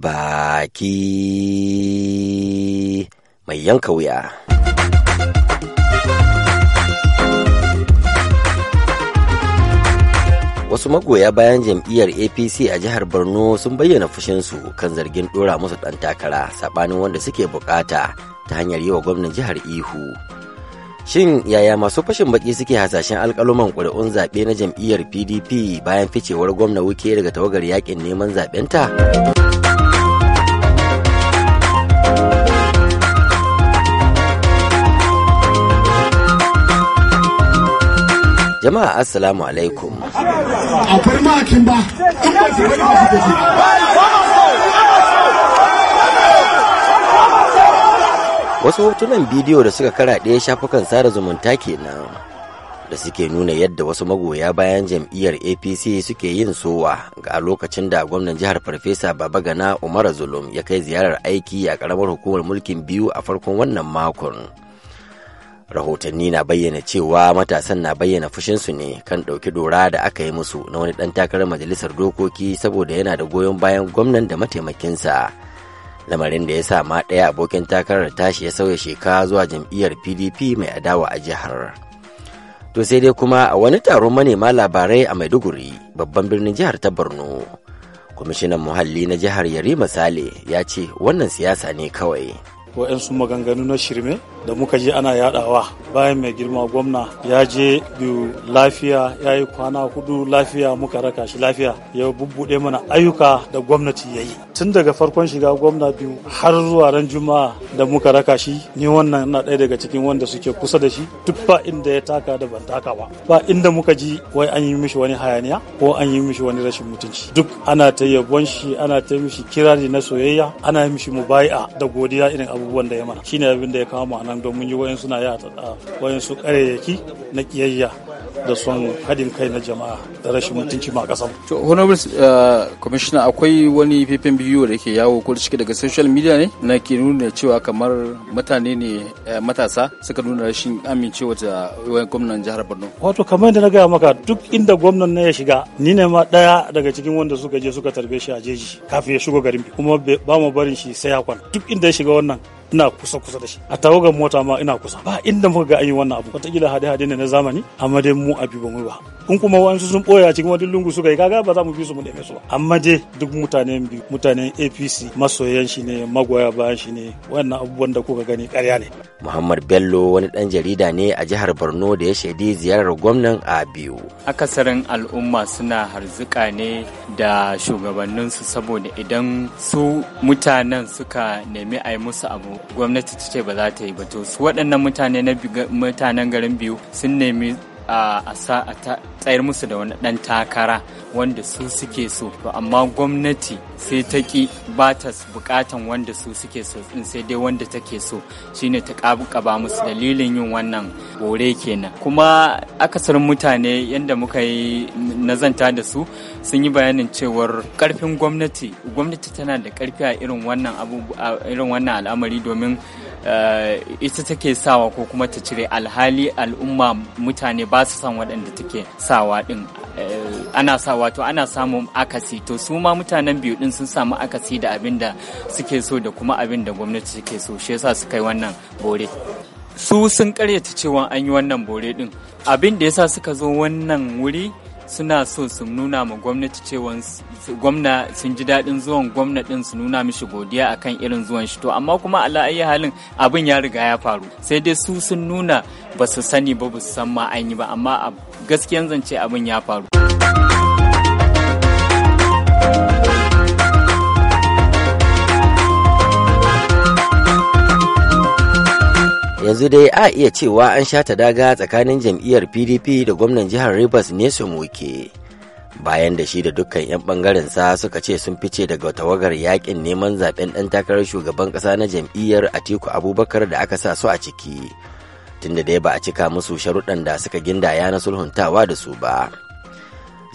baki mai yanka wuya. Wasu magoya bayan jam'iyyar APC a jihar Borno sun bayyana fushinsu kan zargin ɗora musu ɗan takara saɓanin wanda suke bukata ta hanyar yi wa gwamnan jihar ihu. Shin yaya masu fashin baki suke hasashen alƙaluman ƙuri'un zaɓe na jam'iyyar PDP bayan ficewar gwamna wuke daga tawagar yaƙin neman zaɓenta? Jama'a Assalamu alaikum. Wasu hotunan bidiyo da suka karaɗe shafukan sada zumunta kenan da suke nuna yadda wasu magoya bayan jam'iyyar APC suke yin sowa ga lokacin da gwamnan jihar Farfesa Baba Gana Umar Zulum ya kai ziyarar aiki a ƙaramar hukumar mulkin biyu a farkon wannan makon. rahotanni na bayyana cewa matasan na bayyana fushinsu ne kan ɗauki dora da aka yi musu na wani ɗan takarar majalisar dokoki saboda yana da goyon bayan gwamnan da mataimakinsa lamarin da ya sa ma ɗaya abokin takarar tashi ya sauya sheka zuwa jam'iyyar pdp mai adawa a jihar to sai dai kuma a wani taron manema labarai a maiduguri babban birnin jihar ta borno kwamishinan muhalli na jihar yarima misali ya ce wannan siyasa ne kawai waɗansu maganganu na shirme da muka je ana yadawa bayan mai girma gwamna ya je biyu lafiya ya yi kwana hudu lafiya muka raka shi lafiya ya bubbuɗe mana ayyuka da gwamnati ya yi tun daga farkon shiga gwamna biyu har zuwa ran juma'a da muka raka shi ni wannan na ɗaya daga cikin wanda suke kusa da shi duk ba inda ya taka da ban taka ba ba inda muka ji wai an yi mishi wani hayaniya ko an yi mishi wani rashin mutunci duk ana ta yabon shi ana ta mishi kirari na soyayya ana mishi mubai'a da godiya irin abubuwan da ya mana shine abin da ya kawo ma'ana nan don mun yi wayan suna ya wayan su ƙarayyaki na ƙiyayya da son haɗin kai na jama'a da rashin mutunci ma ƙasar. To honorable uh, commissioner akwai wani fifin biyu da ke yawo ko cike daga social media ne na ke nuna cewa kamar mutane ne eh, matasa suka nuna rashin amincewa da wayan gwamnan jihar Borno. Wato kamar yadda na gaya maka duk inda gwamnan na ya shiga ni ne ma ɗaya daga cikin wanda suka je suka tarbe shi a jeji kafin ya shigo garin kuma ba mu barin shi sai ya kwana duk inda ya shiga wannan ina kusa kusa da shi a tawagar mota ma ina kusa ba inda muka ga an yi wannan abu wataƙila hade-hade ne na zamani amma dai mu abi ba mu ba in kuma wa'ansu sun ɓoye a cikin wani lungu suka yi kaga ba za mu bi su mu neme su amma dai duk mutanen biyu mutanen apc masoyan shi ne magoya bayan shi ne wannan abubuwan da kuka gani ƙarya ne. muhammad bello wani ɗan jarida ne a jihar borno da ya shaidi ziyarar gwamnan a biyu. akasarin al'umma suna harzuka ne da shugabanninsu saboda idan su mutanen suka nemi a yi musu abu gwamnati ta ce ba za ta yi ba to su waɗannan mutane na mutanen garin biyu sun nemi a tsayar musu da wani ɗan takara wanda su suke so to amma gwamnati sai ta ki ba ta bukatan wanda su suke so in sai dai wanda take so shine ta ba musu dalilin yin wannan bore kenan kuma akasarin mutane yadda muka yi nazanta da su sun yi bayanin cewar karfin gwamnati gwamnati tana da karfi a irin wannan irin wannan al'amari domin eh, ita take sawa ko kuma ta cire alhali al'umma mutane ba su san waɗanda take sa sawa ɗin eh, ana sa wato ana samun akasi to su ma mutanen biyu din sun samu akasi da abin da suke so da kuma abin da gwamnati suke so shi yasa suka yi wannan bore su sun karyata cewa an yi wannan bore ɗin abin da yasa suka zo wannan wuri suna so su nuna ma gwamnati cewa gwamna sun ji daɗin zuwan gwamna ɗin su nuna mishi godiya akan irin zuwan shi to amma kuma ala ayi halin abin ya riga ya faru sai dai su sun nuna ba su sani ba ba su san ma an yi ba amma gaskiyan zance abin ya faru. yanzu dai a iya cewa an sha ta daga tsakanin jam'iyyar pdp da gwamnan jihar rivers ne su muke, bayan da shi da dukkan 'yan bangaren sa suka ce sun fice daga tawagar yakin neman zaben dan takarar shugaban kasa na jam'iyyar atiku abubakar da aka sa su a ciki tunda dai ba a cika musu sharuɗan da suka gindaya na sulhuntawa da su ba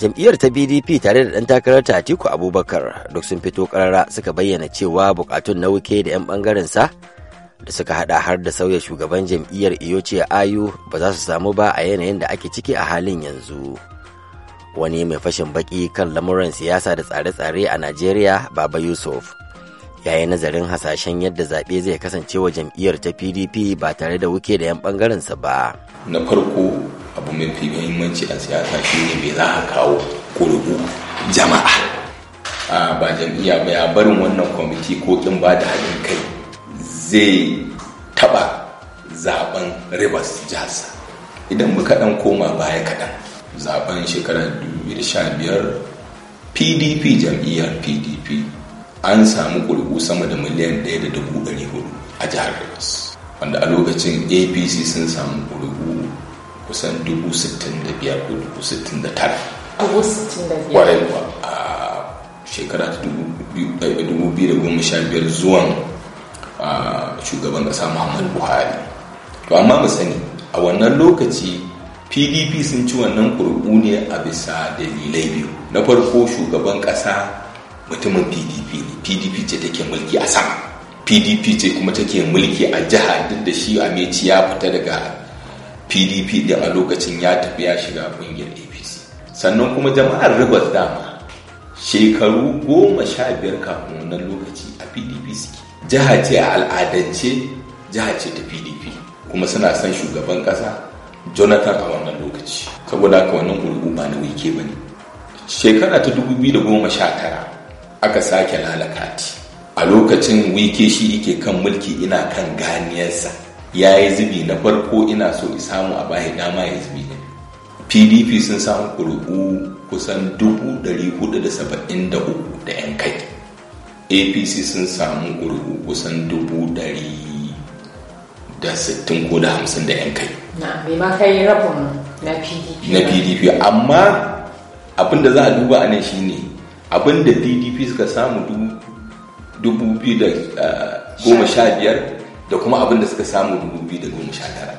jam'iyyar ta pdp tare da dan takarar ta atiku abubakar duk sun fito karara suka bayyana cewa bukatun na wuke da 'yan bangaren sa da suka hada har da sauya shugaban jam'iyyar iyoce ayu ba za su samu ba a yanayin da ake ciki a halin yanzu wani mai fashin baki kan lamuran siyasa da tsare-tsare a najeriya baba yusuf ya yi nazarin hasashen yadda zaɓe zai kasance wa jam'iyyar ta pdp ba tare da wuke da 'yan ɓangarensa ba na farko abu mafi muhimmanci a siyasa shine mai za a kawo ƙuri'u jama'a ba jam'iyya ba ya barin wannan kwamiti ko kin ba da haɗin kai zai taba zaben rivers jazz idan muka dan koma baya kaɗan zaben shekarar 2015 pdp jam'iyyar pdp an samu kurgu sama da miliyan 1.400 a jihar rivers wanda a lokacin apc sun samu kurgu kusan 65,069 kwarai a shekara 2015 eh, zuwan shugaban kasa muhammadu buhari to amma mu sani a wannan lokaci pdp sun ci wannan kurbu ne a bisa dalilai biyu na farko shugaban kasa mutumin pdp ne pdp ce take mulki a sama pdp ce kuma take mulki a jiha duk da shi a meci ya fita daga pdp da a lokacin ya tafi ya shiga kungiyar apc sannan kuma jama'ar ribas dama shekaru goma sha biyar kafin wannan lokaci a pdp suke jiha ce a al'adance jiha ce ta pdp kuma suna son shugaban ƙasa jonathan a wannan lokaci saboda haka wannan gurgu ba na wike ba ne shekara ta 2019 aka sake lalakati a lokacin wike shi yake kan mulki ina kan ganiyarsa ya yi zubi na farko ina so samu a bahi dama ya zubi ne pdp sun samu ƙuri'u kusan 473 da 'yan kai apc sun samu ƙuri'u kusan dubu dari da sittin ko da hamsin da yan kai na yi rabin na pdp na pdp amma abin da za a duba a shi shine abin da pdp suka samu dubu biyu da eh, goma sha biyar da kuma abin da suka samu dubu biyu da goma sha tara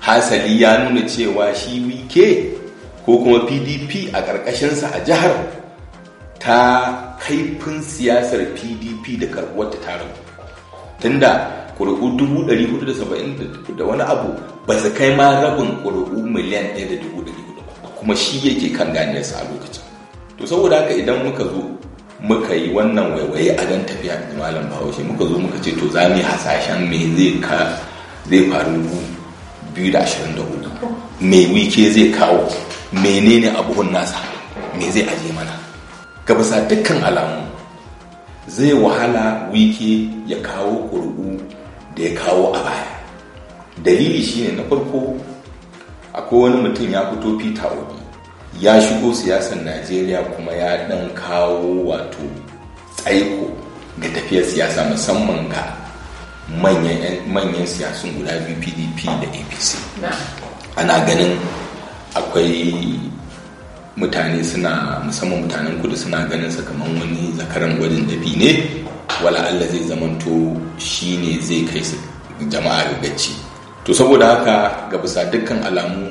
hasali ya nuna cewa shi wike ko kuma pdp a ƙarƙashinsa a jihar ta kaifin siyasar pdp da karbuwar ta tarin tunda kuri'u dubu da wani abu ba su kai ma rabin ƙuri'u miliyan ɗaya kuma shi yake kan ganiyarsa a lokacin to saboda haka idan muka zo muka yi wannan waiwaye a dan tafiya da malam bahaushe muka zo muka ce to za mu yi hasashen me zai ka zai faru biyu da ashirin da hudu me wike zai kawo menene abubuwan nasa me zai aje mana ga bisa dukkan alamu zai wahala wike ya kawo ƙuri'u da ya kawo a baya dalili shine na farko akwai wani mutum ya fito peter obi ya shigo siyasar najeriya kuma ya dan kawo wato tsaiko ga tafiyar siyasa musamman ga manyan siyasun guda biyu pdp da apc ana ganin akwai mutane suna musamman mutanen kudu suna ganin sa kamar wani zakaran gwajin dafi ne wala Allah zai zamanto shi ne zai kai su jama'a da gaci to saboda haka ga bisa dukkan alamu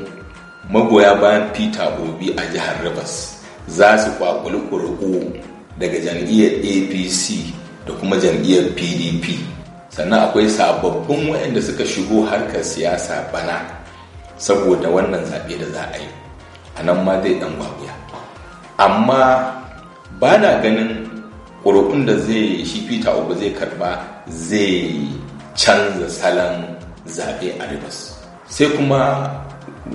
magoya bayan peter obi a jihar rivers za su kwakuli ƙuri'u daga jam'iyyar apc da kuma jam'iyyar pdp sannan akwai sababbin waɗanda suka shigo harkar siyasa bana saboda wannan zaɓe da za a yi a nan ma zai ɗan gwagwuya amma ba na ganin ƙuri'un da zai shi fita uku zai karba zai canza salon zaɓe a rivers sai kuma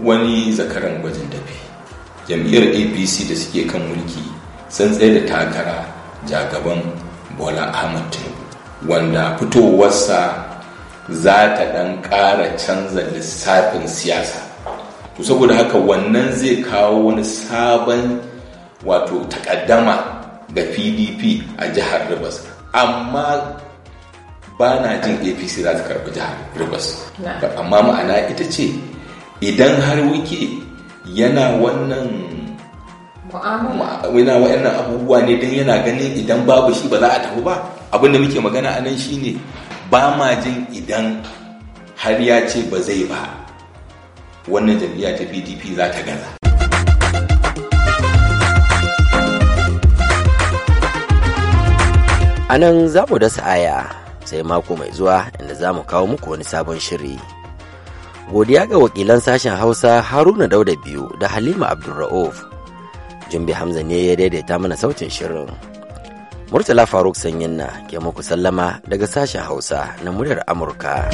wani zakaran gwajin dafi jam'iyyar apc da suke kan mulki sun tsaye da takara jagaban bola ahmad tinubu wanda fitowarsa za ta ɗan ƙara canza lissafin siyasa saboda haka wannan zai kawo wani sabon wato takaddama ga pdp a jihar rivers amma ba na jin apc za ta karɓi jihar rivers amma ma'ana ita ce idan har wike yana wannan yana wa'annan abubuwa ne don yana ganin idan babu shi ba za a tafi ba abin da muke magana anan nan shine ba ma jin idan har ya ce ba zai ba wannan jam'iyya ta pdp za ta gaza a nan za mu dasa aya sai mako mai zuwa inda za mu kawo muku wani sabon shiri godiya ga wakilan sashen hausa haruna dauda biyu da halima abdulra'uf jumbi hamza ne ya daidaita mana sautin shirin murtala faruk sanyin na ke muku sallama daga sashen hausa na muryar amurka